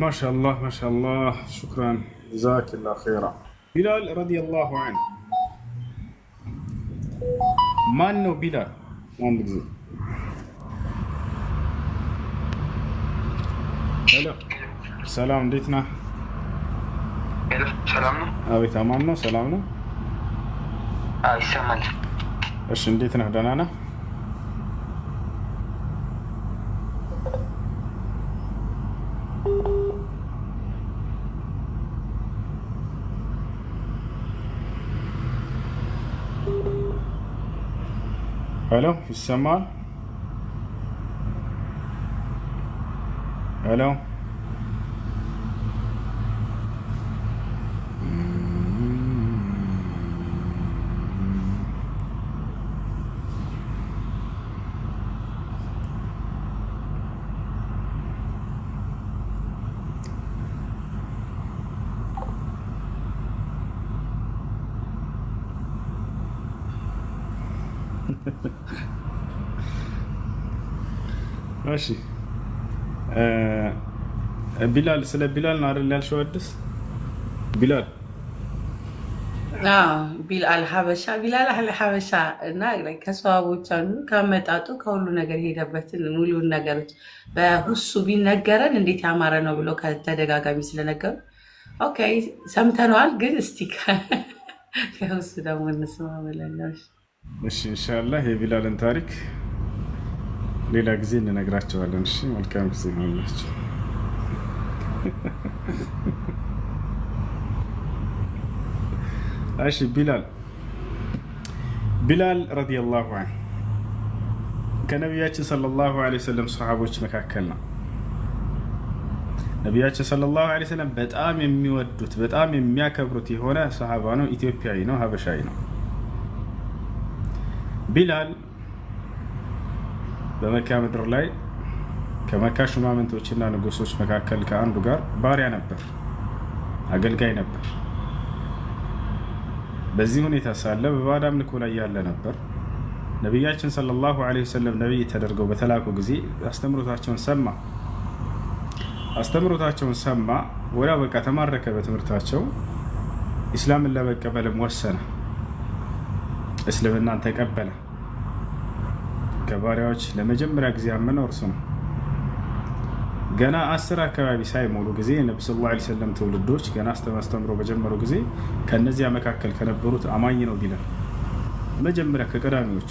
ما شاء الله ما شاء الله شكرا جزاك الله خيرا بلال رضي الله عنه مانو بلال ما بلال زين هلا سلام انتنا سلامنا اوي تمامنا سلامنا اي آه، سلام ايش ديتنا دنانا Alo hissem var. Alo. እሺ ቢላል ስለ ቢላል ነው አይደል ያልሽው? አዲስ ቢላል ቢላል ሀበሻ ቢላል ሀበሻ እና ከሰዋቦች አንዱ ከመጣጡ ከሁሉ ነገር ሄደበትን ሙሉን ነገሮች በሁሱ ቢነገረን እንዴት ያማረ ነው ብሎ ከተደጋጋሚ ስለነገሩ ኦኬ ሰምተነዋል። ግን እስቲ ከሁሱ ደግሞ እንስማ ብለን እሺ እንሻላ የቢላልን ታሪክ ሌላ ጊዜ እንነግራቸዋለን። እሺ፣ መልካም ጊዜ ይሆንላቸው። እሺ፣ ቢላል ቢላል ረዲየላሁ አንሁ ከነቢያችን ሰለላሁ ዐለይሂ ወሰለም ሰሓቦች መካከል ነው። ነቢያችን ሰለላሁ ዐለይሂ ወሰለም በጣም የሚወዱት በጣም የሚያከብሩት የሆነ ሰሓባ ነው። ኢትዮጵያዊ ነው፣ ሀበሻዊ ነው። ቢላል በመካ ምድር ላይ ከመካ ሹማምንቶችና ንጉሶች መካከል ከአንዱ ጋር ባሪያ ነበር፣ አገልጋይ ነበር። በዚህ ሁኔታ ሳለ በባዕድ አምልኮ ላይ ያለ ነበር። ነቢያችን ሰለላሁ ዐለይሂ ወሰለም ነቢይ ተደርገው በተላኩ ጊዜ አስተምሮታቸውን ሰማ አስተምሮታቸውን ሰማ። ወዳ በቃ ተማረከ በትምህርታቸው። ኢስላምን ለመቀበልም ወሰነ፣ እስልምናን ተቀበለ። ከባሪያዎች ለመጀመሪያ ጊዜ ያመነው እርሱ ነው። ገና አስር አካባቢ ሳይሞሉ ጊዜ የነቢ ስ ላ ሰለም ትውልዶች ገና አስተማስተምሮ በጀመሩ ጊዜ ከነዚያ መካከል ከነበሩት አማኝ ነው ቢለን መጀመሪያ ከቀዳሚዎቹ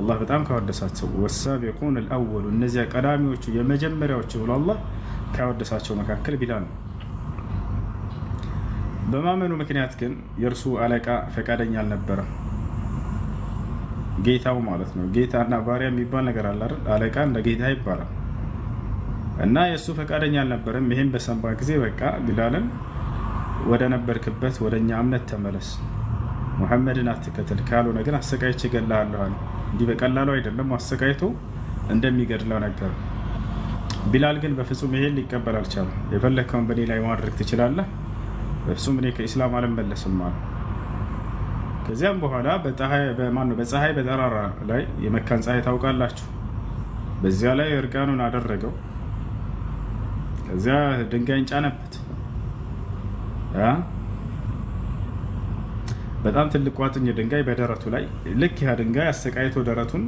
አላህ በጣም ካወደሳቸው ወሳቢቁን አልአወሉ እነዚያ ቀዳሚዎቹ የመጀመሪያዎቹ ብሎ አላህ ካወደሳቸው መካከል ቢላል ነው። በማመኑ ምክንያት ግን የእርሱ አለቃ ፈቃደኛ አልነበረም። ጌታው ማለት ነው። ጌታና ባሪያ የሚባል ነገር አለ። አለቃ እንደ ጌታ ይባላል። እና የእሱ ፈቃደኛ አልነበረም። ይህም በሰንባ ጊዜ በቃ ቢላልን ወደ ነበርክበት ወደ እኛ እምነት ተመለስ፣ ሙሐመድን አትከተል፣ ካልሆነ ግን አሰቃይቼ እገድልሃለሁ አለ። እንዲህ በቀላሉ አይደለም፣ አሰቃይቶ እንደሚገድለው ነገር ቢላል ግን በፍጹም ይሄን ሊቀበል አልቻለም። የፈለግከውን በእኔ ላይ ማድረግ ትችላለህ፣ በፍጹም እኔ ከኢስላም አልመለስም አለ። ከዚያም በኋላ በማነው በፀሐይ በጠራራ ላይ የመካን ፀሐይ ታውቃላችሁ። በዚያ ላይ እርቃኑን አደረገው። ከዚያ ድንጋይን ጫነበት። በጣም ትልቅ ቋጥኝ ድንጋይ በደረቱ ላይ ልክ ያ ድንጋይ አሰቃይቶ ደረቱን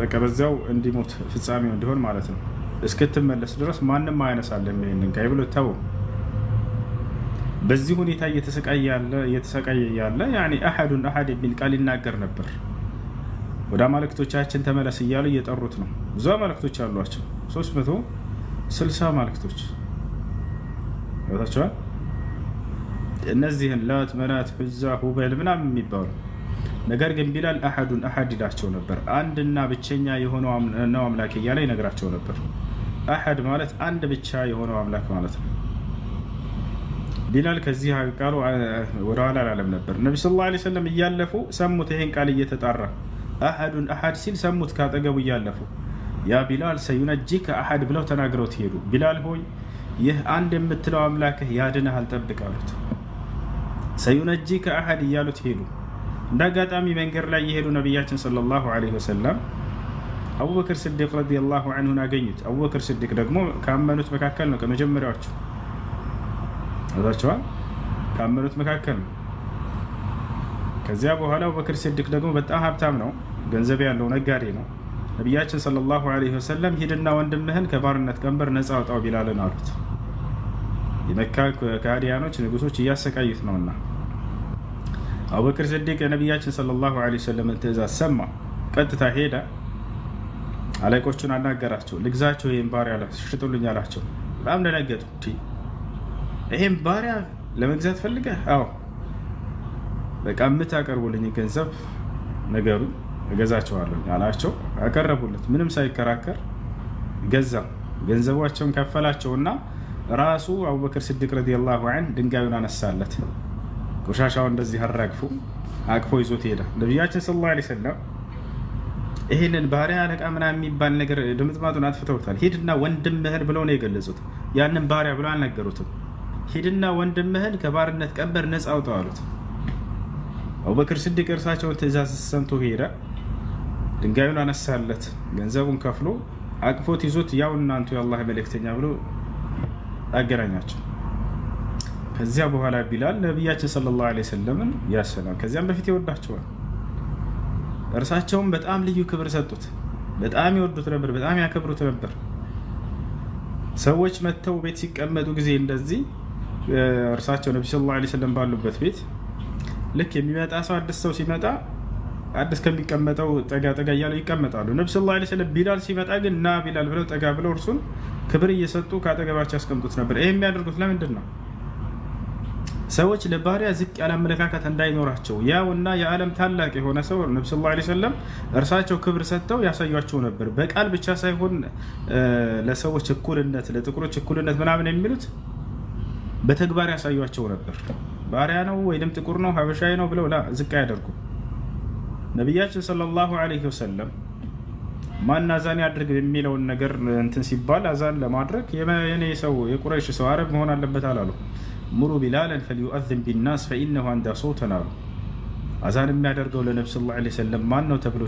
በቃ በዚያው እንዲሞት ፍጻሜው እንዲሆን ማለት ነው። እስክትመለስ ድረስ ማንም አያነሳለም ይሄን ድንጋይ ብሎ ይታወም በዚህ ሁኔታ እየተሰቃየ ያለ ያኔ አሐዱን አሐድ የሚል ቃል ይናገር ነበር። ወደ አማልክቶቻችን ተመለስ እያሉ እየጠሩት ነው። ብዙ አማልክቶች አሏቸው፣ 360 አማልክቶች ታቸዋል። እነዚህን ላት፣ መናት፣ ዛ ሁበል ምናምን የሚባሉ ነገር ግን ቢላል አሐዱን አሐድ ይላቸው ነበር። አንድና ብቸኛ የሆነው ነው አምላክ እያለ ይነግራቸው ነበር። አሐድ ማለት አንድ ብቻ የሆነው አምላክ ማለት ነው። ቢላል ከዚህ ቃሉ ወደኋላ አላለም ነበር። ነቢ ስለ ላ ሰለም እያለፉ ሰሙት። ይሄን ቃል እየተጣራ አሐዱን አሐድ ሲል ሰሙት። ካጠገቡ እያለፉ ያ ቢላል ሰዩነጂከ አሐድ ብለው ተናግረው ትሄዱ። ቢላል ሆይ ይህ አንድ የምትለው አምላክህ ያድነህ አልጠብቅ አሉት። ሰዩነጂከ አሐድ እያሉት ሄዱ። እንደ አጋጣሚ መንገድ ላይ የሄዱ ነቢያችን ሰለላሁ ዐለይሂ ወሰለም አቡበክር ስዲቅ ረዲየላሁ አንሁን አገኙት። አቡበክር ስዲቅ ደግሞ ካመኑት መካከል ነው ከመጀመሪያዎቹ ቸዋል ካመኑት መካከል ነው። ከዚያ በኋላ አቡበክር ሲድቅ ደግሞ በጣም ሀብታም ነው፣ ገንዘብ ያለው ነጋዴ ነው። ነቢያችን ሰለላሁ ዐለይሂ ወሰለም ሂድና ወንድምህን ከባርነት ቀንበር ነፃ አውጣው ቢላልን አሉት። የመካ ከሃዲያኖች ንጉሶች እያሰቃዩት ነውና አቡበክር ስዲቅ የነቢያችን ሰለላሁ ዐለይሂ ወሰለምን ትእዛዝ ሰማ። ቀጥታ ሄደ፣ አለቆቹን አናገራቸው። ልግዛቸው ይህን ባሪያ ሽጡልኝ አላቸው። በጣም ደነገጡ። ይሄን ባሪያ ለመግዛት ፈልገህ? አዎ በቃ የምታቀርቡልኝ ገንዘብ ነገሩ እገዛቸዋለሁ አላቸው። አቀረቡለት። ምንም ሳይከራከር ገዛ። ገንዘቧቸውን ከፈላቸውና ራሱ አቡበክር ስድቅ ረዲየላሁ ዐንሁ ድንጋዩን አነሳለት። ቆሻሻው እንደዚህ አራግፉ አቅፎ ይዞት ሄደ። ነቢያችን ስለ ላ ሰለም ይህንን ባሪያ አለቃ ምናምን የሚባል ነገር ድምጥማጡን አጥፍተውታል። ሂድና ወንድምህን ብለው ነው የገለጹት። ያንን ባሪያ ብለው አልነገሩትም። ሂድና ወንድምህን ከባርነት ቀንበር ነፃ አውጣው አሉት። አቡበክር ስዲቅ እርሳቸውን ትእዛዝ ሰምቶ ሄደ። ድንጋዩን አነሳለት፣ ገንዘቡን ከፍሎ አቅፎት ይዞት ያው እናንቱ የአላህ መልእክተኛ ብሎ አገናኛቸው። ከዚያ በኋላ ቢላል ነቢያችን ሰለላሁ ዓለይሂ ወሰለምን ያሰላም ከዚያም በፊት ይወዳቸዋል። እርሳቸውም በጣም ልዩ ክብር ሰጡት። በጣም ይወዱት ነበር፣ በጣም ያከብሩት ነበር። ሰዎች መጥተው ቤት ሲቀመጡ ጊዜ እንደዚህ እርሳቸው ነቢ ሰለላሁ ዓለይሂ ወሰለም ባሉበት ቤት ልክ የሚመጣ ሰው አዲስ ሰው ሲመጣ አዲስ ከሚቀመጠው ጠጋ ጠጋ እያለ ይቀመጣሉ። ነቢ ሰለላሁ ዓለይሂ ወሰለም ቢላል ሲመጣ ግን ና ቢላል ብለው ጠጋ ብለው እርሱን ክብር እየሰጡ ከአጠገባቸው ያስቀምጡት ነበር። ይህ የሚያደርጉት ለምንድን ነው? ሰዎች ለባህሪያ ዝቅ ያለ አመለካከት እንዳይኖራቸው እና የዓለም ታላቅ የሆነ ሰው ነቢ ስ ላ ሰለም እርሳቸው ክብር ሰጥተው ያሳያቸው ነበር። በቃል ብቻ ሳይሆን ለሰዎች እኩልነት፣ ለጥቁሮች እኩልነት ምናምን የሚሉት በተግባር ያሳዩቸው ነበር። ባሪያ ነው ወይም ጥቁር ነው ሀበሻዊ ነው ብለው ዝቅ አያደርጉም። ነቢያችን ሰለላሁ አለይሂ ወሰለም ማን አዛን ያድርግ የሚለውን ነገር እንትን ሲባል አዛን ለማድረግ የኔ ሰው የቁረይሽ ሰው አረብ መሆን አለበት አላሉ። ሙሩ ቢላለን ፈሊዩአዝን ቢናስ ፈኢነሁ አንዳ ሶውተን አሉ። አዛን የሚያደርገው ለነብስ ላ ሰለም ማን ነው ተብሎ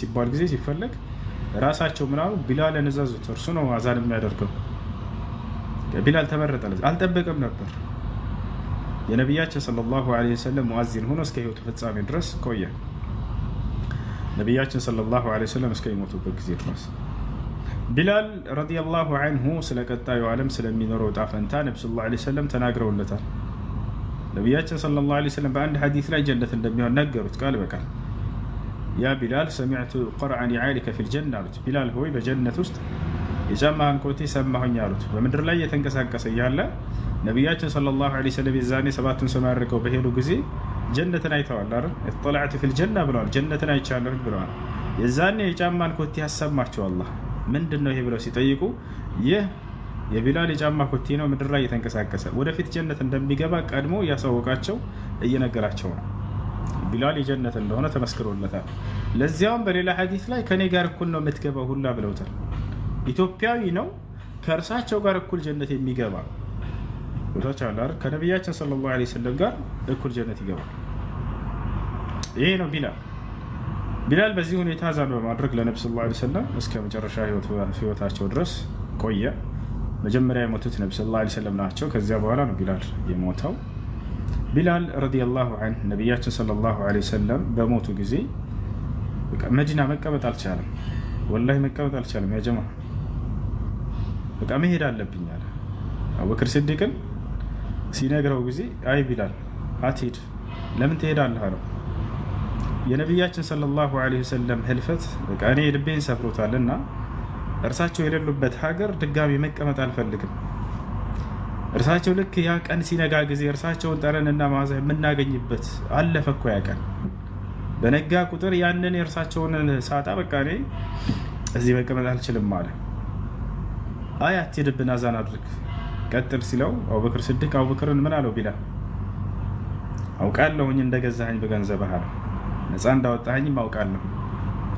ሲባል ጊዜ ሲፈለግ ራሳቸው ምናሉ ቢላለን እዛዙት እርሱ ነው አዛን የሚያደርገው ቢላል ተመረጠ። አልጠበቀም ነበር። የነቢያችን ሰለላሁ ዐለይሂ ወሰለም ሙአዚን ሆኖ እስከ ህይወቱ ፍጻሜ ድረስ ቆየ። ነቢያችን ሰለላሁ ዐለይሂ ወሰለም እስከሚሞቱበት ጊዜ ድረስ ቢላል ረዲየላሁ አንሁ ስለ ቀጣዩ ዓለም ስለሚኖረው ጣፈንታ ፈንታ ነቢ ሰለላሁ ዐለይሂ ወሰለም ተናግረውለታል። ነቢያችን ሰለላሁ ዐለይሂ ወሰለም በአንድ ሐዲስ ላይ ጀነት እንደሚሆን ነገሩት ቃል በቃል። ያ ቢላል ሰሚዕቱ ቀርዐ ኒዓሊከ ፊልጀና አሉት። ቢላል ሆይ በጀነት ውስጥ የጫማህን ኮቴ ሰማሁኝ አሉት። በምድር ላይ እየተንቀሳቀሰ እያለ ነቢያችን ሰለላሁ ዐለይሂ ወሰለም የዛኔ ሰባቱን ሰማይ አድርገው በሄዱ ጊዜ ጀነትን አይተዋል አይደል? ኢጥለዐቱ ፊል ጀና ብለዋል። ጀነትን አይቻለሁ ብለዋል። የዛኔ የጫማን ኮቴ ያሰማቸው አላህ ምንድን ነው ይሄ ብለው ሲጠይቁ ይህ የቢላል የጫማ ኮቴ ነው፣ ምድር ላይ እየተንቀሳቀሰ ወደፊት ጀነት እንደሚገባ ቀድሞ እያሳወቃቸው እየነገራቸው ነው። ቢላል የጀነት እንደሆነ ተመስክሮለታል። ለዚያውም በሌላ ሐዲስ ላይ ከኔ ጋር እኩል ነው የምትገባው ሁላ ብለውታል። ኢትዮጵያዊ ነው፣ ከእርሳቸው ጋር እኩል ጀነት የሚገባ ቦታች ከነቢያችን ሰለላሁ ዐለይሂ ወሰለም ጋር እኩል ጀነት ይገባል። ይሄ ነው ቢላል። ቢላል በዚህ ሁኔታ ዛን በማድረግ ለነቢ ሰለላሁ ዐለይሂ ወሰለም እስከ መጨረሻ ህይወታቸው ድረስ ቆየ። መጀመሪያ የሞቱት ነቢ ሰለላሁ ዐለይሂ ወሰለም ናቸው። ከዚያ በኋላ ነው ቢላል የሞተው። ቢላል ረዲየላሁ ዐንሁ ነቢያችን ሰለላሁ ዐለይሂ ወሰለም በሞቱ ጊዜ መዲና መቀመጥ አልቻለም። ወላሂ መቀመጥ አልቻለም ያጀማ በቃ መሄድ አለብኝ አለ። አቡበክር ስዲቅን ሲነግረው ጊዜ አይ ቢላል አትሄድ፣ ለምን ትሄዳለህ አለው። የነቢያችን ሰለላሁ ዐለይሂ ወሰለም ህልፈት በቃ እኔ ልቤን ሰብሮታል እና እርሳቸው የሌሉበት ሀገር ድጋሚ መቀመጥ አልፈልግም። እርሳቸው ልክ ያ ቀን ሲነጋ ጊዜ እርሳቸውን ጠረንና ማዛ የምናገኝበት አለፈ እኮ ያ ቀን በነጋ ቁጥር ያንን የእርሳቸውን ሳጣ በቃ እኔ እዚህ መቀመጥ አልችልም አለ። አይ አትሄድብን፣ አዛን አድርግ ቀጥል ሲለው አቡበክር ስድቅ አቡበክርን ምን አለው? ቢላል አውቃለሁኝ እንደገዛኸኝ በገንዘብህ አለው። ነፃ እንዳወጣኸኝም አውቃለሁ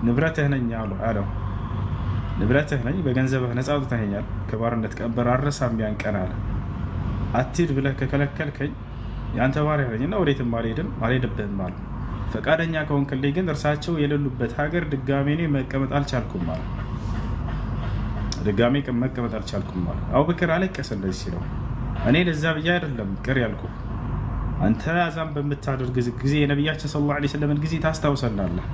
ንብረትህ ነኝ አለው። ንብረትህ ነኝ በገንዘብህ ነፃ አውጥተኸኛል፣ ከባርነት ቀበር አረሳም ያን ቀን አለ። አትሂድ ብለህ ከከለከልከኝ የአንተ ባሪያ ነኝ እና ወዴትም አልሄድም አልሄድብህም አለ። ፈቃደኛ ከሆንክልኝ ግን እርሳቸው የሌሉበት ሀገር ድጋሜ እኔ መቀመጥ አልቻልኩም አለ። ድጋሜ መቀመጥ አልቻልኩም አለ። አቡበክር አለቀሰ እንደዚህ ሲለው እኔ ለዛ ብዬ አይደለም ቅር ያልኩ አንተ አዛን በምታደርግ ጊዜ የነቢያችን ሰለላሁ ዐለይሂ ወሰለምን ጊዜ ታስታውሰናለህ።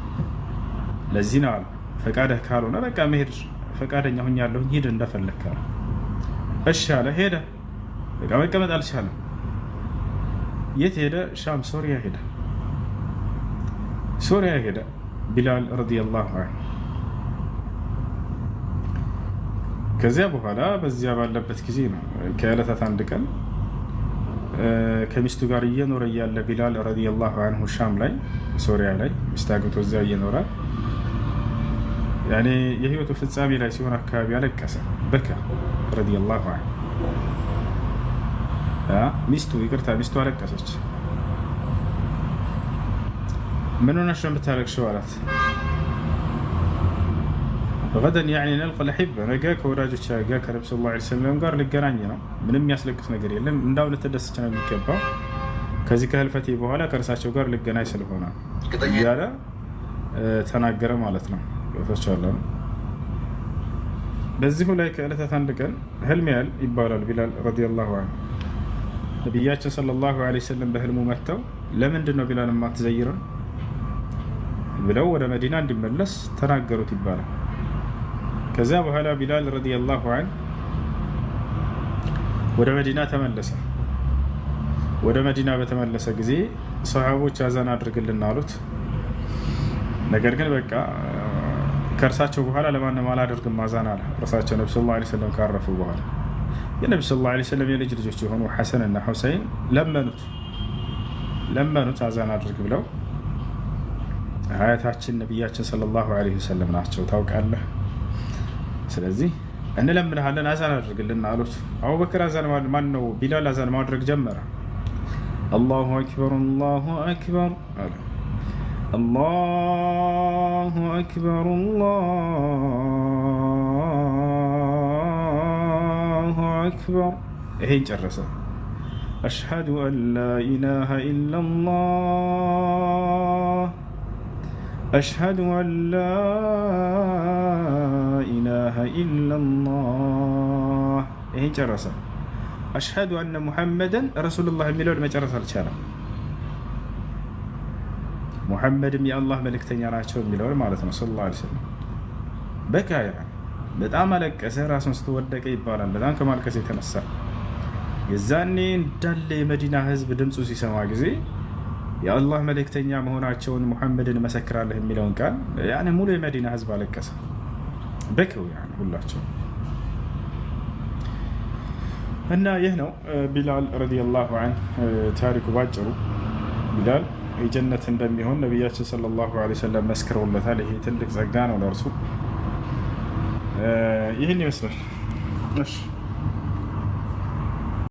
ለዚህ ነው አለ ፈቃደህ ካልሆነ በቃ መሄድ ፈቃደኛ ሆኛለሁ ሂድ እንደፈለግህ አለ። እሺ አለ ሄደ። በቃ መቀመጥ አልቻለም። የት ሄደ? ሻም ሶሪያ ሄደ። ሶሪያ ሄደ ቢላል ረዲየላሁ ዐንሁ ከዚያ በኋላ በዚያ ባለበት ጊዜ ነው ከዕለታት አንድ ቀን ከሚስቱ ጋር እየኖረ እያለ ቢላል ረዲየላሁ አንሁ ሻም ላይ ሶሪያ ላይ ሚስት አግብቶ እዚያ እየኖረ ያኔ የህይወቱ ፍጻሜ ላይ ሲሆን አካባቢ አለቀሰ። በካ ረዲየላሁ አንሁ ሚስቱ ይቅርታ፣ ሚስቱ አለቀሰች። ምን ሆነሽ ነው የምታለቅሽው? አላት ወገደን ያኔ ነልቅ ለሕብ ነገ ከወዳጆች ጋር ከነቢ ሰለላሁ ዐለይሂ ጋር ልገናኝ ነው። ምንም የሚያስለቅስ ነገር የለም። እንዳው ልትደሰች ነው የሚገባው ከዚህ ከህልፈቴ በኋላ ከእርሳቸው ጋር ልገናኝ ስለሆነ እያለ ተናገረ ማለት ነው። ቶቻለ በዚሁ ላይ ከዕለታት አንድ ቀን ህልም ያል ይባላል ቢላል ረዲየላሁ አንሁ ነቢያችን ሰለላሁ ዐለይሂ ወሰለም በህልሙ መጥተው ለምንድን ነው ቢላል የማትዘይረን ብለው ወደ መዲና እንዲመለስ ተናገሩት ይባላል። ከዛ በኋላ ቢላል ረዲየላሁ አን ወደ መዲና ተመለሰ። ወደ መዲና በተመለሰ ጊዜ ሰሃቦች አዛን አድርግልን አሉት። ነገር ግን በቃ ከእርሳቸው በኋላ ለማንም አላደርግም አዛን አለ። እርሳቸው ነቢ ስለ ላ ሰለም ካረፉ በኋላ የነቢ ስለ ላ ሰለም የልጅ ልጆች የሆኑ ሐሰን እና ሁሰይን ለመኑት ለመኑት አዛን አድርግ ብለው አያታችን ነቢያችን ሰለላሁ ዐለይሂ ወሰለም ናቸው ታውቃለህ ስለዚህ እንለምንሃለን አዛን አድርግልን አሉት። አቡበክር አዛን ማን ነው? ቢላል አዛን ማድረግ ጀመረ። አላሁ አክበር አላሁ አክበር አላሁ አክበር አላሁ አክበር። ይሄን ጨረሰ። አሽሀዱ አን ላ ኢላሃ ኢላ أشهد أن لا إله إلا الله إيه جرسة أشهد أن محمدا رسول الله ملون ما جرس الشارع محمد يا الله ملك تنيراتشو ملون مالتنا صلى الله عليه وسلم يعني በጣም አለቀሰ። ራሱን ስትወደቀ ይባላል። በጣም ከማልቀስ የተነሳ የዛኔ እንዳለ የመዲና ህዝብ ድምፁ ሲሰማ ጊዜ የአላህ መልእክተኛ መሆናቸውን ሙሐመድን መሰክራለህ የሚለውን ቃል ያን ሙሉ የመዲና ህዝብ አለቀሰ። በክው ያን ሁላቸው እና ይህ ነው ቢላል ረዲየላሁ አንሁ ታሪኩ ባጭሩ። ቢላል የጀነት እንደሚሆን ነቢያችን ሰለላሁ ዐለይሂ ወሰለም መስክረውለታል። ይሄ ትልቅ ጸጋ ነው ለእርሱ። ይህን ይመስላል።